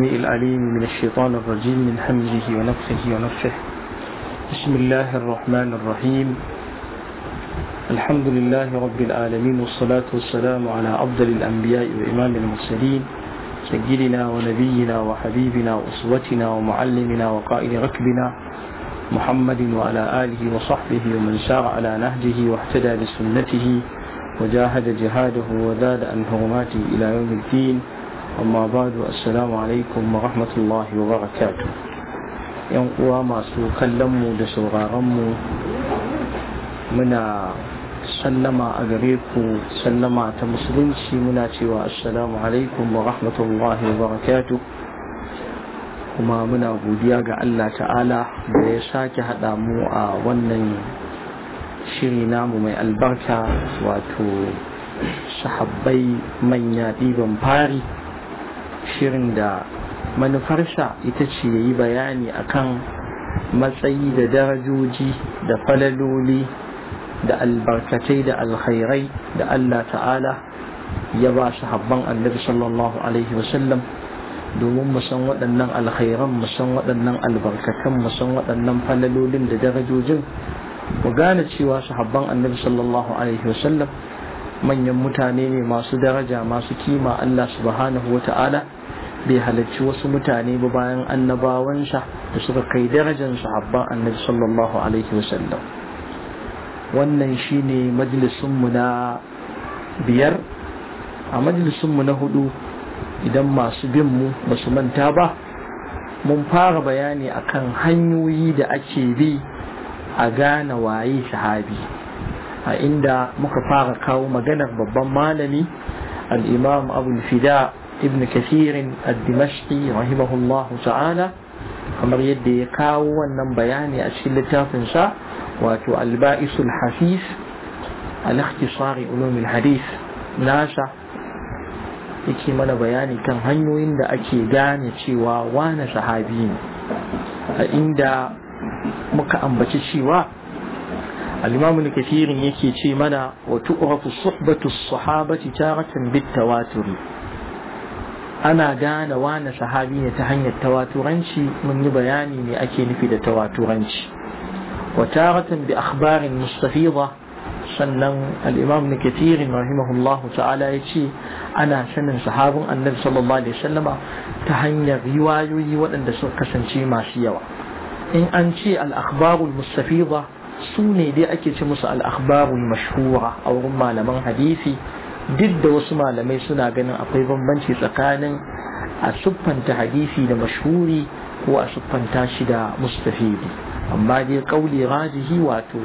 الأليم من الشيطان الرجيم من حمزه ونفخه ونفخه بسم الله الرحمن الرحيم الحمد لله رب العالمين والصلاة والسلام على أفضل الأنبياء وإمام المرسلين سيدنا ونبينا وحبيبنا وأسوتنا ومعلمنا وقائد ركبنا محمد وعلى آله وصحبه ومن سار على نهجه واهتدى بسنته وجاهد جهاده وزاد عن هرماته إلى يوم الدين amma badu assalamu alaikum wa rahmatullahi wa barakatu yan uwa masu kallonmu da mu muna sallama a gare ku sallama ta musulunci muna cewa assalamu alaikum wa rahmatullahi wa barakatu kuma muna godiya ga Allah ta'ala da ya sake haɗa mu a wannan shiri namu mai albarka wato sahabbai manya ɗiban fari shirin da manufarsa ita ce ya yi bayani akan matsayi da darajoji da falaloli da albarkatai da alkhairai da Allah ta'ala ya ba su habban annabi sallallahu alaihi wasallam domin mu san waɗannan alkhairan mu san waɗannan albarkatan mu san waɗannan falalolin da darajojin mu gane cewa sahabban annabi sallallahu alaihi wasallam manyan mutane ne masu daraja masu kima Allah subhanahu wa ta'ala bai halarci wasu mutane ba bayan annabawansa da suka kai darajar sahabban annabi sallallahu alaihi wasallam wannan shine majalisunmu na biyar a majalisunmu na hudu idan masu bin mu basu manta ba mun fara bayani akan hanyoyi da ake bi a gane waye sahabi a inda muka fara kawo maganar babban malami al-imam abul fida ابن كثير الدمشقي رحمه الله تعالى أمر يدي كاو أنم بياني أشيلة تافنسا واتو البائس الحفيف الاختصار علوم الحديث ناشا يكي من بياني كان هنو إندا أكي داني تشيوا وانا صحابين إندا مكا أنبتي تشيوا الإمام الكثير يكي تشي منا وتؤرف صحبة الصحابة تارة بالتواتر ana gane wane sahabi ne ta hanyar tawaturanci mun yi bayani ne ake nufi da tawaturanci wa bi akhbarin mustafiza sannan al-imam ibn kathir rahimahullah ta'ala yace ana sanin sahabin annabi sallallahu alaihi wasallama ta hanyar riwayoyi waɗanda suka kasance masu yawa in an ce Al'akbaru akhbarul mustafiza su ne dai ake ce musu al-akhbarul mashhura a wurin malaman hadisi duk da wasu malamai suna ganin akwai bambanci tsakanin a siffanta hadisi da mashhuri ko a siffanta shi da mustafidi amma dai kauli rajihi wato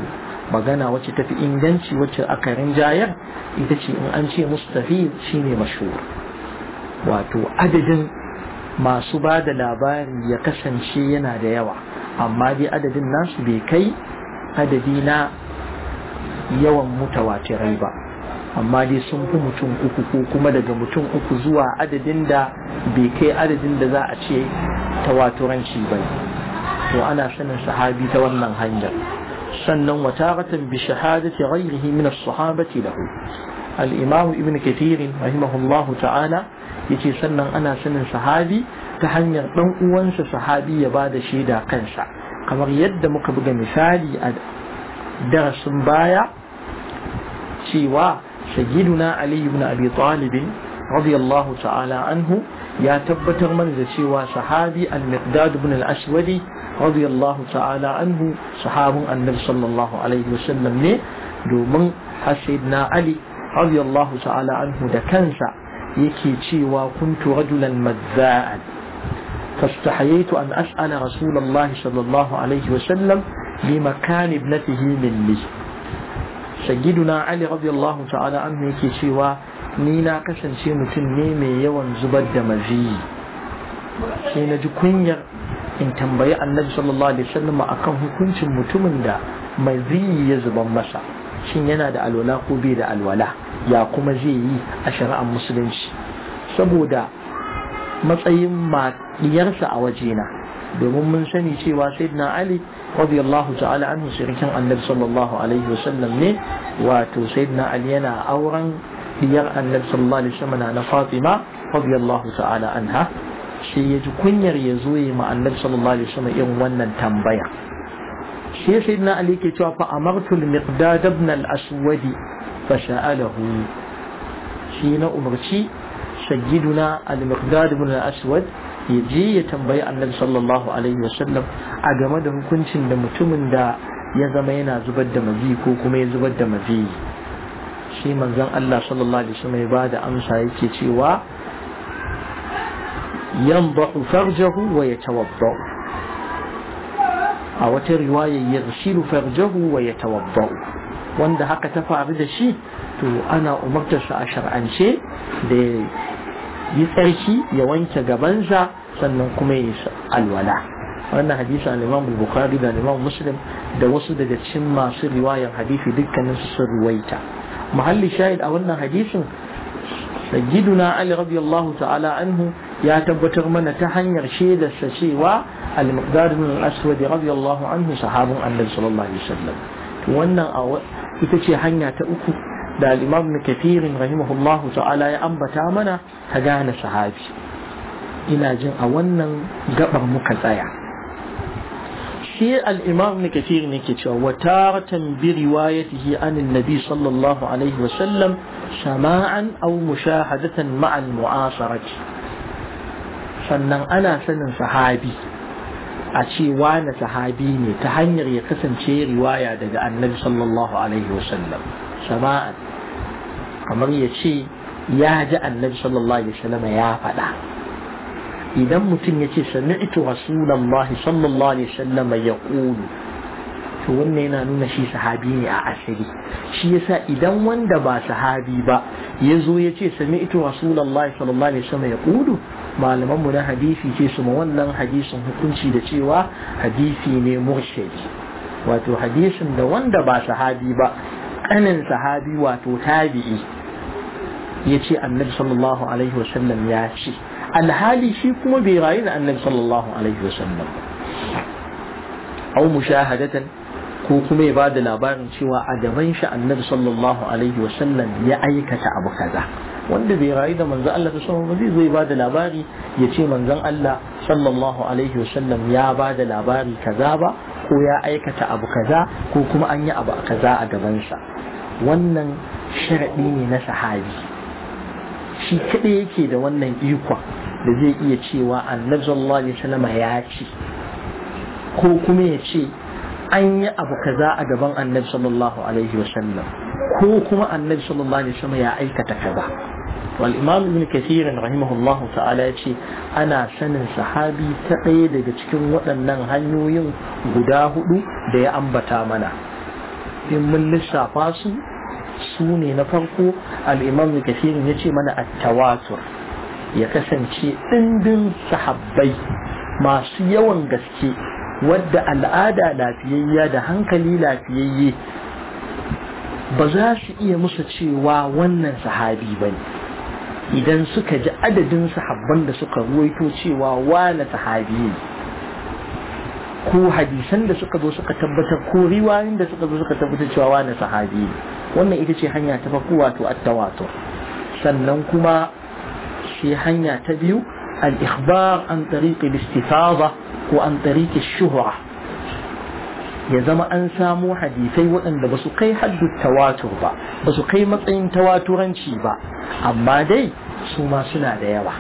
magana wacce tafi inganci wacce aka rinjayar ita ce in an ce mustafid shine mashhur wato adadin masu ba da labari ya kasance yana da yawa amma dai adadin nasu bai kai adadi na yawan mutawatirai ba amma dai sun fi mutum uku ko kuma daga mutum uku zuwa adadin da bai kai adadin da za a ce tawaturanci ba to ana sanin sahabi ta wannan hanyar sannan wataratan bi shahadati ghayrihi min as-sahabati da al ibn kathir rahimahullahu ta'ala yace sannan ana sanin sahabi ta hanyar dan uwansa sahabi ya bada shaida kansa kamar yadda muka buga misali a darasin baya cewa سيدنا علي بن أبي طالب رضي الله تعالى عنه يا تبتر من زشوى صحابي المقداد بن الأسود رضي الله تعالى عنه صحاب النبي صلى الله عليه وسلم دو من حسيدنا علي رضي الله تعالى عنه دكنسا يكي تشيوى كنت رجلا مزاء فاستحييت أن أسأل رسول الله صلى الله عليه وسلم بمكان ابنته من لي sayyiduna ali radiyallahu ta'ala anhu yake cewa ni na kasance mutum ne mai yawan zubar da maziyi sai na ji kunyar in tambayi annabi sallallahu alaihi wasallam akan hukuncin mutumin da maziyi ya zuban masa shin yana da alwala ko bai da alwala ya kuma zai yi a shari'ar musulunci saboda matsayin maɗiyarsa a wajena domin mun sani cewa sayyidina ali radiyallahu ta'ala anhu sirkin annabi sallallahu alaihi wasallam ne wato sayyidina ali yana auren diyar annabi sallallahu alaihi wasallam na fatima radiyallahu ta'ala anha shi ya ji kunyar ya zo yi ma annabi sallallahu alaihi wasallam irin wannan tambaya Sai sayyidina ali ke cewa fa amartu al-miqdad ibn al-aswad fa sha'alahu shi na umarci sayyiduna al-miqdad ibn al-aswad ya je ya tambayi annabi sallallahu alaihi wasallam a game da hukuncin da mutumin da ya zama yana zubar da mazi ko kuma ya zubar da mazi shi manzon Allah sallallahu alaihi wasallam ya bada amsa yake cewa yandahu farjahu wa yatawadda a wata riwaya yaghshilu farjahu wa yatawadda wanda haka ta faru da shi to ana umartar sa a shar'ance da yi tsarki ya wanke gabansa sannan kuma ya yi alwala wannan hadisi al imam bukhari da imam muslim da wasu daga cikin masu riwayar hadisi dukkanin su ruwaita muhalli shahid a wannan hadisin sayyiduna ali radiyallahu ta'ala anhu ya tabbatar mana ta hanyar shaidarsa cewa al-miqdar min al radiyallahu anhu sahabun annabi sallallahu alaihi wasallam wannan ita ce hanya ta uku da al'imam na kafirin rahimahullahu ta'ala ya ambata mana ka gane sahabi ina jin a wannan gabar muka tsaya shi al'imam na kafirin yake cewa wataratan bi riwayatihi anin nabi sallallahu alaihi wasallam sama'an aw mushahadatan ma'al mu'asarati sannan ana sanin sahabi a ce wani sahabi ne ta hanyar ya kasance riwaya daga annabi sallallahu alaihi wasallam sama'an kamar ya ce ya ji annabi sallallahu alaihi wasallam ya faɗa idan mutum ya ce sami'tu rasulullahi sallallahu alaihi wasallam ya ƙulu to wannan yana nuna shi sahabi ne a asali shi yasa idan wanda ba sahabi ba ya zo ya ce sami'tu rasulullahi sallallahu alaihi wasallam ya ƙulu malaman mu na hadisi ce su ma wannan hadisin hukunci da cewa hadisi ne murshidi wato hadisin da wanda ba sahabi ba kanin sahabi wato tabi'i ya ce annabi sallallahu alaihi wasallam ya ce alhali shi kuma bai rayu da annabi sallallahu alaihi wasallam au mushahadatan ko kuma ya bada labarin cewa a gaban shi annabi sallallahu alaihi wasallam ya aikata abu kaza wanda bai rayu da manzon Allah ta sallallahu alaihi zai bada labari ya ce manzon Allah sallallahu alaihi wasallam ya bada labari kaza ba ko ya aikata abu kaza ko kuma an yi abu kaza a gabansa wannan sharaɗi ne na sahabi shi kaɗai yake da wannan ikon da zai iya cewa annabi sallallahu alaihi wasallam ya ce ko kuma ya ce an yi abu kaza a gaban annabi sallallahu alaihi wasallam ko kuma annabi sallallahu alaihi wasallam ya aikata kaza والإمام ابن كثير رحمه الله تعالى يشي أنا سن صحابي تقيد جتكم وأنن هنيوين غداه دي أنبتا منا إن من لسا فاسو سوني نفرقو الإمام ابن كثير يشي منا التواتر ya kasance ɗindin sahabbai masu yawan gaske wadda al'ada lafiyayya da hankali lafiyayye ba za su iya musu cewa wannan sahabi ba ne idan suka ji adadin sahabban da suka ruwaito cewa wane sahabiyin ko hadisan da suka zo suka tabbatar ko riwayoyin da suka zo suka tabbatar cewa wane sahabiyin wannan ita ce hanya ta farko wato at-tawatur sannan kuma shi hanya ta biyu al-ikhbar an tariqi al-istifada ko an tariqi ash-shuhra ya zama an samo hadisai waɗanda ba su kai haddu tawatur ba ba su kai matsayin tawaturanci ba amma dai su ma suna da yawa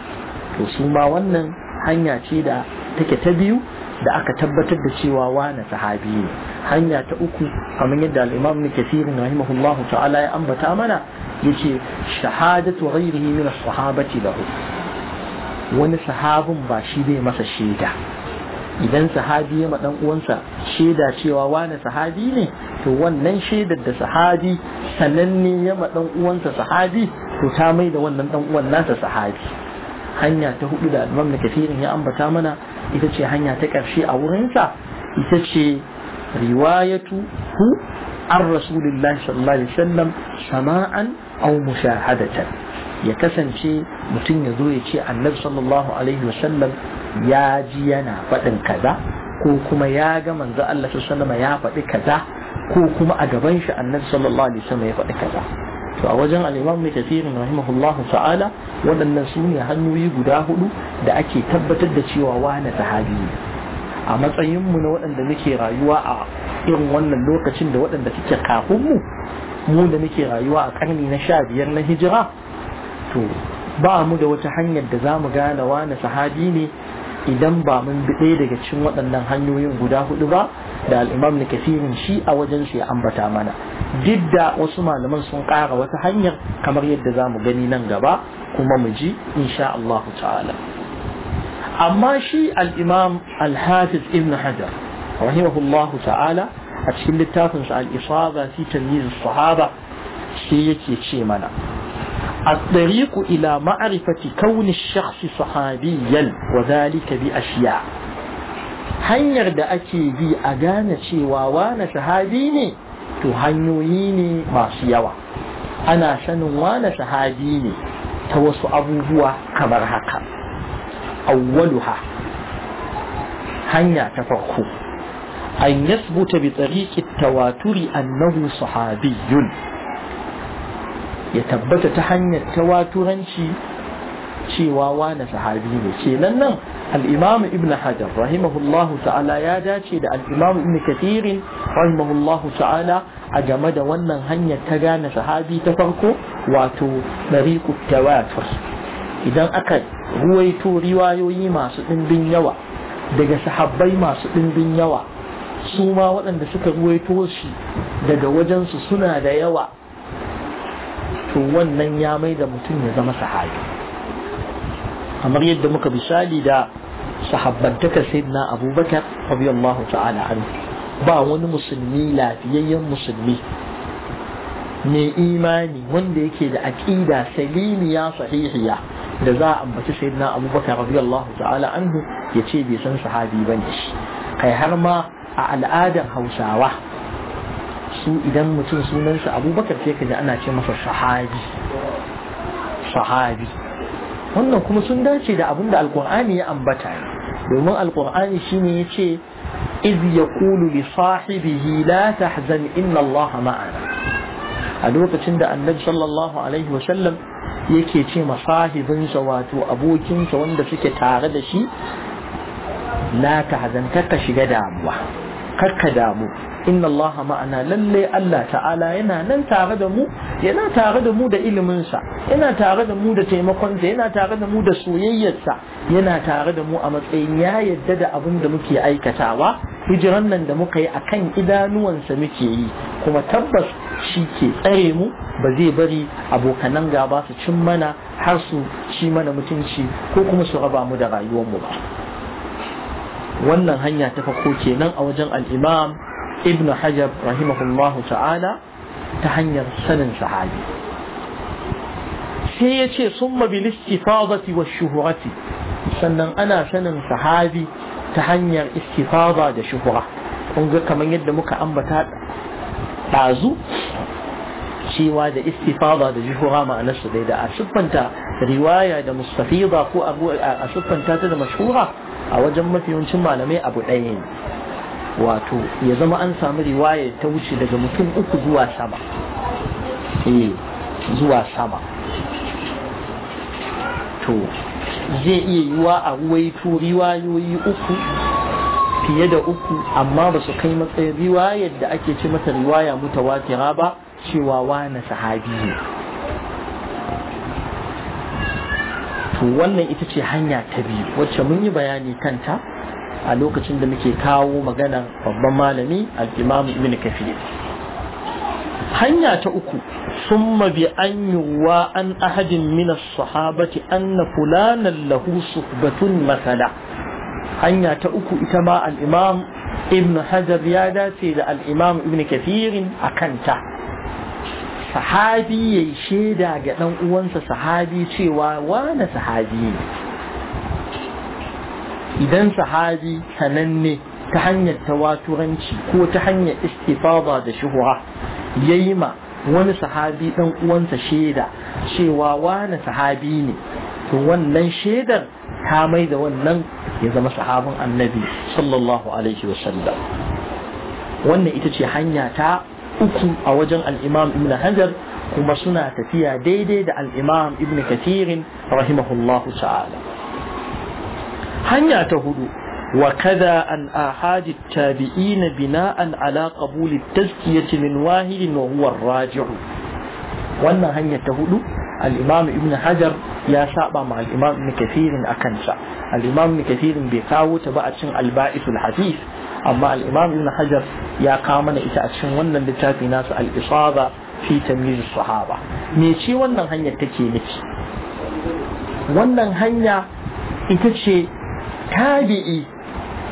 to su ma wannan hanya ce da take ta biyu da aka tabbatar da cewa wane sahabi ne hanya ta uku kamar yadda al-imam ibn rahimahullahu ta'ala ya ambata mana yace shahadatu ghayrihi min as-sahabati lahu wani sahabin ba shi bai masa shaida idan sahabi ya dan uwansa shaida cewa wani sahabi ne to wannan shaidar da sahabi sananne ya dan uwansa sahabi to ta mai da wannan ɗan uwan nasa sahabi hanya ta hudu da imam kafirin ya ambata mana ita ce hanya ta karshe a wurinsa ita ce riwayatu hu an rasulillahi sallallahu alaihi wasallam sama'an aw mushahadatan ya kasance mutum ya zo ya ce annabi sallallahu alaihi wasallam ya ji yana faɗin kaza ko kuma ya ga manzo Allah sallallahu ya faɗi kaza ko kuma a gaban shi annabi sallallahu alaihi wasallam ya faɗi kaza to a wajen al-Imam Ibn Kathir ta'ala waɗannan su ne hanyoyi guda hudu da ake tabbatar da cewa wani sahabi ne a matsayin mu na waɗanda muke rayuwa a irin wannan lokacin da waɗanda suke kafin mu mu da muke rayuwa a karni na sha biyar na hijira to ba mu da wata hanyar da za mu gane wani sahabi ne idan ba mun bi ɗaya daga cikin waɗannan hanyoyin guda hudu ba da al'imam na kafirin shi a wajen su ya ambata mana duk da wasu malaman sun ƙara wata hanyar kamar yadda za mu gani nan gaba kuma mu ji insha Allah ta'ala amma shi al'imam al-hafiz ibn hajar rahimahullahu ta'ala a cikin littafinsa al-isaba fi tamyiz sahaba shi yake ce mana الطريق إلى معرفة كون الشخص صحابيا وذلك بأشياء هن يرد أكي بي شواوانة وانا صحابيني تهنويني ما سيوا أنا سن وانا صحابيني توسو كبرها كبر أولها هن تفرخو أن يثبت بطريق التواتر أنه صحابي ya tabbata ta hanyar tawaturanci cewa wane sahabi ne ce nan al-imam ibn hajar rahimahullahu ta'ala ya dace da Al'imamu ibn kathirin rahimahullahu ta'ala a game da wannan hanyar ta gane sahabi ta farko wato dariqut tawatur idan aka ruwaito riwayoyi masu ɗimbin yawa daga sahabbai masu ɗimbin yawa su ma waɗanda suka ruwaito shi daga wajensu suna da yawa to wannan ya mai da mutum ya zama sahabi kamar yadda muka misali da sahabbantaka sayyidina abubakar radiyallahu ta'ala anhu ba wani musulmi lafiyayyen musulmi mai imani wanda yake da aqida salimiya sahihiya da za a ambaci sayyidina abubakar radiyallahu ta'ala anhu ya ce bai san sahabi bane kai har ma a al'adar hausawa su idan mutum sunansa abubakar sai ka ji ana ce masa sahabi sahabi wannan kuma sun dace da abin da alkur'ani ya ambata domin alkur'ani shine ya ce iz yaqulu li sahibihi la tahzan inna allaha ma'ana a lokacin da annabi sallallahu alaihi wa sallam yake ce ma sahibinsa wato abokinsa wanda suke tare da shi la tahzan ka shiga damuwa Karka damu inna Allah ma'ana lalle Allah ta'ala yana nan tare da mu yana tare da mu da iliminsa yana tare da mu da taimakonsa yana tare da mu da soyayyarsa yana tare da mu a matsayin ya yadda da abin da muke aikatawa hijiran nan da muka yi akan idanuwansa muke yi kuma tabbas shi ke tsare mu ba zai bari abokanan gaba su cin mana har su ci mana mutunci ko kuma su raba mu da rayuwar mu ba wannan hanya ta farko kenan a wajen al'imam ibn hajar rahimahullahu ta'ala ta hanyar sanin sahabi sai ya ce mabi bil istifadati wa shuhurati sannan ana sanin sahabi ta hanyar istifada da shuhura kun ga kamar yadda muka ambata ɗazu cewa da istifada da juhura ma'anar su da a siffanta riwaya da mustafida ko abu a siffanta ta da mashura. a wajen mafiyancin malamai abu ɗaya ne wato ya zama an samu riwaya ta wuce daga mutum uku zuwa sama eh zuwa sama to zai iya yiwa a ruwaito riwayoyi uku fiye da uku amma ba su kai matsayin riwayar da ake ce mata riwaya mutawatira ba cewa wani sahabi ne to wannan ita ce hanya ta biyu wacce mun yi bayani kanta a lokacin da muke kawo maganar babban malami al-imam ibn kafir hanya ta uku ثم بأن يروى عن أحد من الصحابة أن lahusu له صحبة مثلا hanya ta uku ita ma al'imam ibn hajar ya dace da al'imam ibn kafirin a kanta sahabi ya yi shaida ga ɗan uwansa sahabi cewa wane sahabi ne idan sahabi sananne ta hanyar tawaturanci ko ta hanyar istifada da shuhura ya yi ma wani sahabi ɗan uwansa shaida cewa wane sahabi ne to wannan shaidar ta mai da wannan ya zama sahabin annabi sallallahu alaihi wasallam wannan ita ce hanya ta uku a wajen al'imam ibn hajar kuma suna tafiya daidai da al'imam ibn kathirin rahimahullahu ta'ala hanya ta hudu wa an وكذا عن آحاد التابعين بناء على قبول التزكية من واحد وهو raji'u wannan hanya ta hudu al'imam ibn hajar ya saba ma al'imam ibn kafirin a kansa al'imam ibn kafirin bai kawo ta ba a cin alba'isul hadith amma al-imam ibn hajar ya kawo mana ita a cikin wannan littafi nasu al-isaba fi tamyiz sahaba me ce wannan hanyar take miki? wannan hanya ita ce tabi'i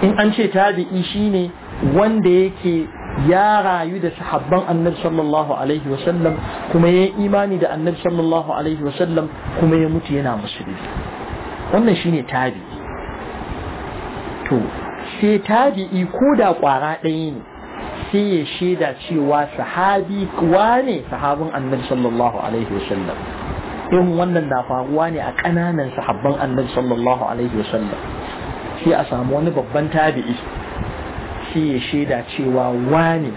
in an ce tabi'i shine wanda yake ya rayu da sahabban annabi sallallahu alaihi wasallam kuma ya imani da annabi sallallahu alaihi wasallam kuma ya mutu yana musulmi wannan shine tabi'i to sai tabi'i ko da kwara ɗaya ne sai ya shaida cewa sahabi kuwa ne sahabin annabi sallallahu alaihi wasallam in wannan na faruwa ne a ƙananan sahabban annabi sallallahu alaihi wasallam sai a samu wani babban tabi'i sai ya shaida cewa wani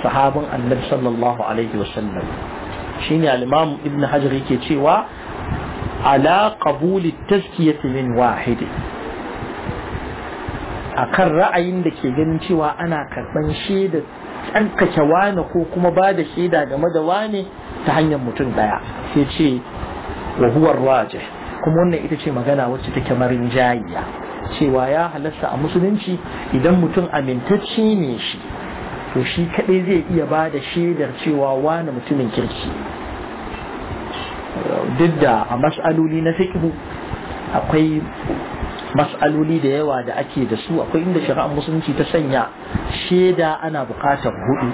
sahabin annabi sallallahu alaihi wasallam shine al-imam ibn hajar yake cewa ala qabuli tazkiyati min wahidi kan ra'ayin da ke ganin cewa ana karɓan shaida tsarkake wane ko kuma ba da shaida game da wane ta hanyar mutum ɗaya sai ce wa huwa kuma wannan ita ce magana wacce take marin jayiya cewa ya halasta a musulunci idan mutum amintacce ne shi to shi kaɗai zai iya ba da shaidar cewa wane mutumin kirki duk da a mas'aloli na fiqhu akwai mas'aloli da yawa da ake da su akwai inda shari'ar musulunci ta sanya shaida ana bukatar hudu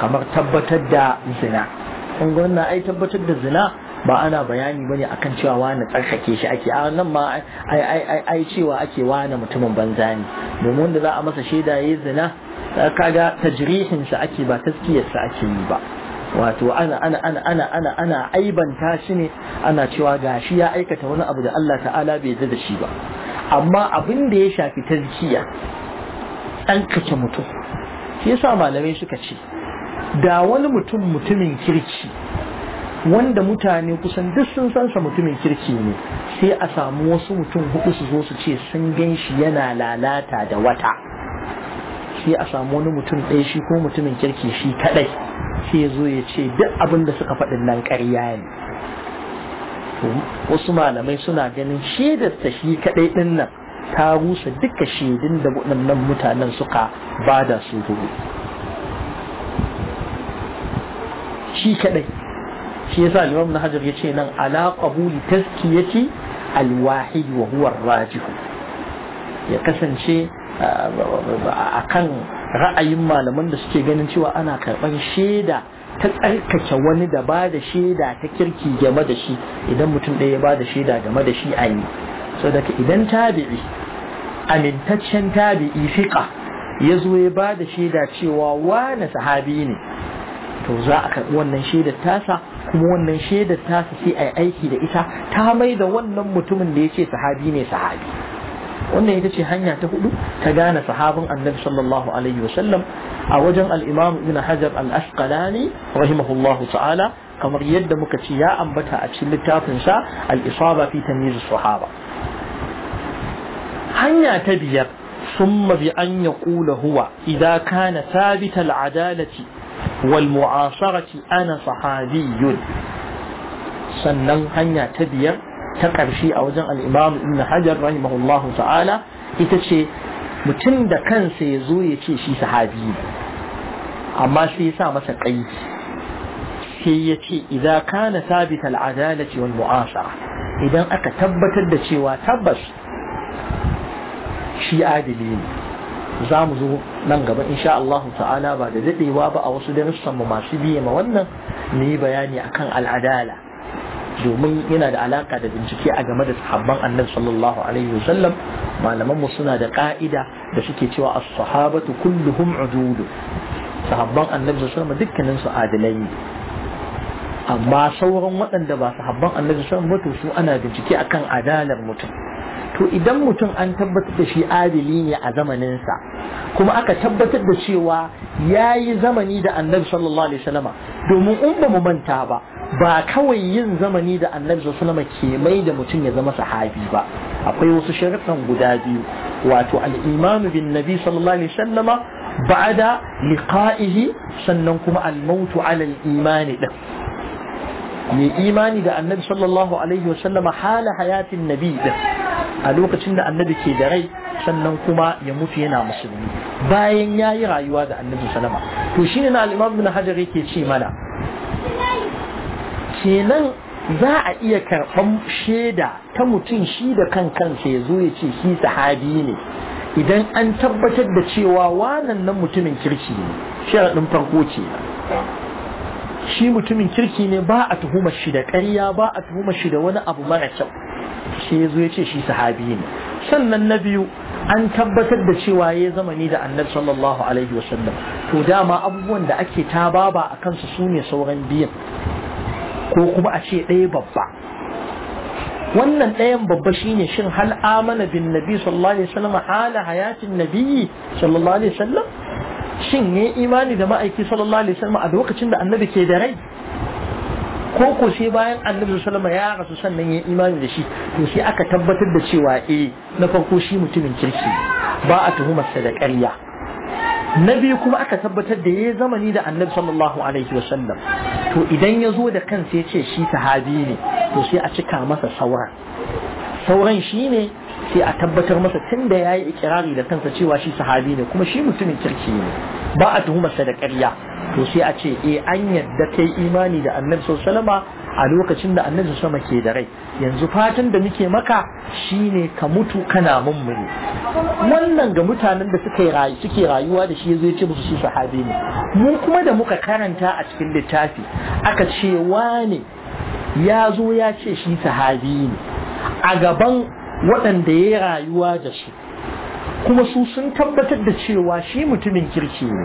kamar tabbatar da zina kun gwamna ai tabbatar da zina ba ana bayani bane akan cewa wani tsarkake shi ake a nan ma ai ai ai cewa ake wani mutumin banza ne domin wanda za a masa shaida yayin zina kaga tajrihin sa ake ba taskiyar sa ake yi ba wato ana ana ana ana ana ana aibanta shi ne ana cewa gashi ya aikata wani abu da Allah ta'ala bai yarda da shi ba amma abin da ya shafi tazkiya tsarkake mutum shi yasa malamai suka ce da wani mutum mutumin kirki wanda mutane kusan duk sun san sa mutumin kirki ne sai a samu wasu mutum hudu su zo su ce sun gan shi yana lalata da wata sai a samu wani mutum ɗaya shi ko mutumin kirki shi kaɗai sai ya zo ya ce duk abin da suka faɗin nan ƙarya ne wasu malamai suna ganin shaidar ta shi kadai din nan ta rusa duka shaidun da waɗannan mutanen suka bada su hudu shi kadai shi yasa limam na hajar ya ce nan ala qabuli ce alwahid wa huwa rajihu ya kasance a kan ra'ayin malaman da suke ganin cewa ana karɓar shaida ta tsarkake wani da ba da shaida ta kirki game da shi idan mutum ɗaya ya ba da shaida game da shi a yi so daga idan tabi'i amintaccen tabi'i fiƙa ya zo ya ba da shaida cewa wani sahabi ne to za a karɓi wannan shaidar tasa kuma wannan shaidar tasa sai a yi aiki da ita ta mai da wannan mutumin da ya ce sahabi ne sahabi wannan ita ce hanya ta hudu ta gane sahabin annabi sallallahu alaihi wasallam a wajen al-imam ibn hajar al-asqalani rahimahullahu ta'ala kamar yadda muka ce ya ambata a cikin littafin sa al-isaba fi tamyiz sahaba hanya ta biyar ثم بأن يقول هو إذا كان ثابت العدالة والمعاصرة أنا صحابي sannan hanya ta biyar ta ƙarshe a wajen al'imam ibn hajar rahimahullahu ta'ala ita ce mutum da kansa ya zo ya ce shi sahabi ne amma sai ya sa masa ƙaiki sai ya ce idan kana sabita al'adalati wal mu'asara idan aka tabbatar da cewa tabbas shi adili ne za mu zo nan gaba insha Allah ta'ala ba da daɗewa ba a wasu darussan mu masu biye ma wannan mu yi bayani akan al'adala domin yana da alaka da bincike a game da sahabban annabi sallallahu alaihi wasallam malaman mu suna da ka'ida da suke cewa as-sahabatu kulluhum udulu sahabban annabi sallallahu alaihi dukkanin su adalai ne amma sauran waɗanda ba sahabban annabi sallallahu alaihi su ana bincike akan adalar mutum to idan mutum an tabbatar da shi adili ne a sa, kuma aka tabbatar da cewa ya yi zamani da annabi sallallahu alaihi wasallama domin in ba mu manta ba ba kawai yin zamani da annabi sallallahu ke mai da mutum ya zama sahabi ba akwai wasu sharuɗan guda biyu wato al-imanu bin nabi sallallahu alaihi wasallama ba'da liqa'ihi sannan kuma al-mautu ala al-imani din mai imani da annabi sallallahu alaihi wasallama hala hayatin nabi din a lokacin da annabi ke da rai sannan kuma ya mutu yana musulmi bayan ya yi rayuwa da annabi sallama to shine na al-imam bin hajar yake ce mana kenan za a iya karɓan shaida ta mutum shi da kan kansa ya zo ya ce shi sahabi ne idan an tabbatar da cewa wannan nan mutumin kirki ne sharaɗin farko ce shi mutumin kirki ne ba a tuhuma shi da ƙarya ba a tuhuma shi da wani abu mara kyau shi ya zo ya ce shi sahabi ne sannan na biyu an tabbatar da cewa ya ni da annabi sallallahu alaihi wasallam to dama abubuwan da ake ta baba a kansu su ne sauran biyan ko kuma a ce ɗaya babba wannan ɗayan babba shine shin hal amana bin nabi sallallahu alaihi wasallam hala hayatin nabi sallallahu alaihi wasallam shin yayi imani da ma'aiki sallallahu alaihi wasallam a lokacin da annabi ke da rai ko ko sai bayan annabi sallallahu alaihi ya rasu sannan ya imani da shi to sai aka tabbatar da cewa eh na farko shi mutumin kirki ba a tuhumar sa da ƙarya na biyu kuma aka tabbatar da yayi zamani da annabi sallallahu alaihi wasallam to idan ya zo da kansa ya ce shi sahabi ne to sai a cika masa sauran sauran shi ne sai a tabbatar masa tun da ya yi ikirari da kansa cewa shi sahabi ne kuma shi mutumin kirki ne ba a tuhumarsa da ƙarya to sai a ce eh an yadda kai imani da annabi sallallahu alaihi a lokacin da annabi sama ke da rai yanzu fatan da muke maka shine ka mutu kana mummuni wannan ga mutanen da suka rayu suke rayuwa da shi yazo ya ce musu su sahabi ne mu kuma da muka karanta a cikin littafi aka ce wane ya zo ya ce shi sahabi ne a gaban waɗanda ya rayuwa da shi, kuma su sun tabbatar da cewa shi mutumin kirki ne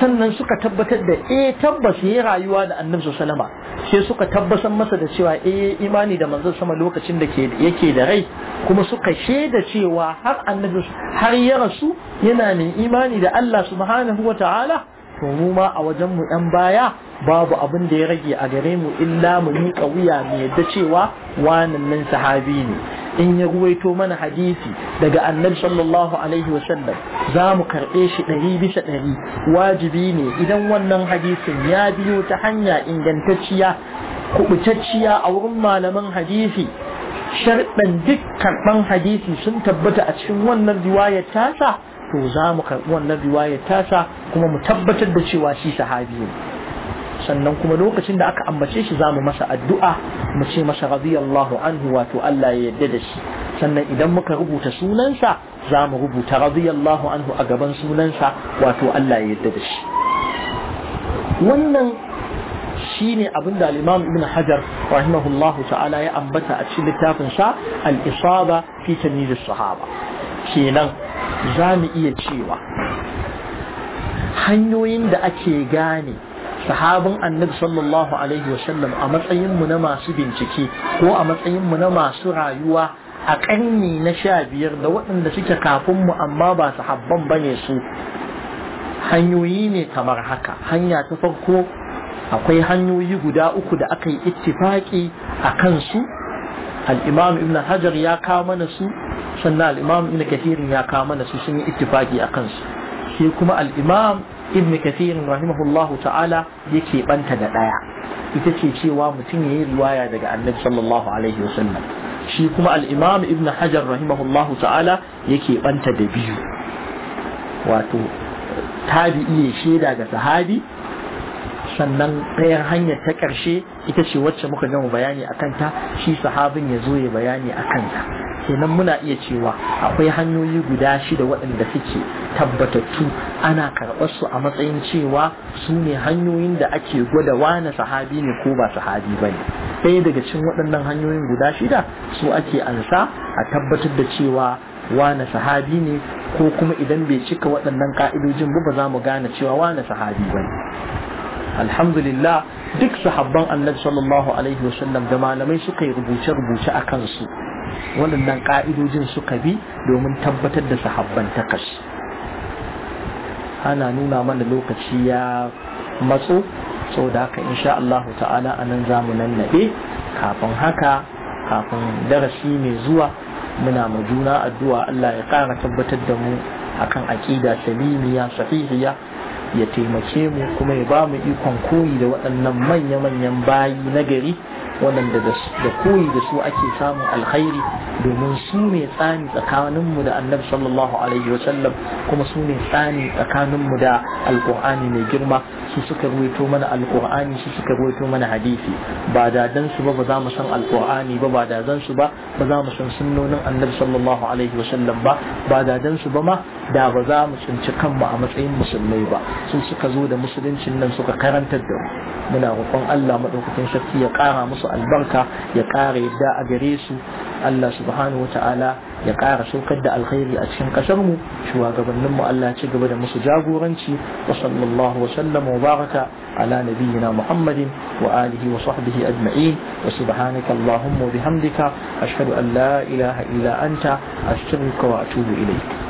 sannan suka tabbatar da eh tabbas yayi rayuwa da annabi sallama sai suka tabbasan masa da cewa eh imani da manzon sama lokacin da ke yake da rai kuma suka shaida cewa har annabi har ya rasu yana ne imani da Allah subhanahu wataala to mu ma a wajen mu ɗan baya babu abin da ya rage a gare mu illa mu yi wuya mu yadda cewa wannan nan sahabi ne in ya ruwaito mana hadisi daga annabi sallallahu alaihi wasallam za mu karɓe shi ɗari bisa ɗari wajibi ne idan wannan hadisin ya biyo ta hanya ingantacciya kubutacciya a wurin malaman hadisi sharɗan duk karɓan hadisi sun tabbata a cikin wannan riwayar tasa to za mu karɓi wannan riwayar tasa kuma mu tabbatar da cewa shi sahabi ne sannan kuma lokacin da aka ambace shi zamu masa addu'a mu ce masa radiyallahu anhu wato Allah ya yarda da shi sannan idan muka rubuta sunansa zamu rubuta radiyallahu anhu a gaban sunansa wato Allah ya yarda da shi wannan shine abin da al-Imam Ibn Hajar rahimahullahu ta'ala ya ambata a cikin littafin sa al-Isaba fi as-sahaba kenan zamu iya cewa hanyoyin da ake gane sahabin annabi sallallahu alaihi wasallam a matsayinmu na masu bincike ko a matsayinmu na masu rayuwa a ƙarni na sha biyar da waɗanda suke mu amma ba sahabban ba ne su hanyoyi ne kamar haka hanya ta farko akwai hanyoyi guda uku da aka yi ittifaki a kansu al'imam ibn hajar ya kawo mana su sannan al'imam ibn kahirin ya kawo mana su sun yi ittifaki a kansu sai kuma al'imam ibn kathir rahimahullahu ta'ala yake banta da daya ita ce cewa mutum yayi riwaya daga annabi sallallahu alaihi wasallam shi kuma al-imam ibn hajar rahimahullahu ta'ala yake banta da biyu wato tabi'i shaida ga sahabi sannan ɗayan hanyar ta ƙarshe ita ce wacce muka gama bayani a kanta shi sahabin ya zo ya bayani a kanta kenan muna iya cewa akwai hanyoyi guda shida waɗanda suke tabbatattu ana karɓar su a matsayin cewa su ne hanyoyin da ake gwada wane sahabi ne ko ba sahabi ba ne ɗaya daga cikin waɗannan hanyoyin guda shida su ake ansa a tabbatar da cewa wane sahabi ne ko kuma idan bai cika waɗannan ka'idojin ba ba za mu gane cewa wane sahabi ba ne alhamdulillah duk sahabban annabi sallallahu alaihi wasallam da malamai suka yi rubuce-rubuce a kansu waɗannan ƙa'idojin suka bi domin tabbatar da sahabban takas ana nuna mana lokaci ya matso So da haka insha Allah ta'ala a nan zamu nan kafin haka kafin darasi mai zuwa muna ma juna addu'a Allah ya ƙara tabbatar da mu akan aƙida salimiya sahihiya ya taimake mu kuma ya ba mu ikon koyi da waɗannan manya-manyan bayi na gari waɗanda da koyi da su ake samun alkhairi domin su ne tsani tsakaninmu da annabi sallallahu alaihi wasallam kuma su ne tsani tsakaninmu da alkur'ani mai girma su suka rubuto mana alkur'ani su suka rubuto mana hadisi ba da dan su ba ba za mu san alkur'ani ba ba da dan su ba ba za mu san sunnonin annabi sallallahu alaihi wa sallam ba ba da dan su ba ma da ba za mu tsinci kanmu a matsayin musulmai ba su suka zo da musuluncin nan suka karantar da muna roƙon Allah madaukakin sarki ya ƙara musu albarka ya ƙara yadda a gare su Allah subhanahu wa ta'ala ya ƙara saukar da alkhairi a cikin mu shugabannin mu Allah ci gaba da musu jagoranci wa sallallahu wa sallama wa baraka ala nabiyyina Muhammadin wa alihi wa sahbihi ajma'in wa subhanaka Allahumma wa bihamdika ashhadu an la ilaha illa anta astaghfiruka wa atubu ilayk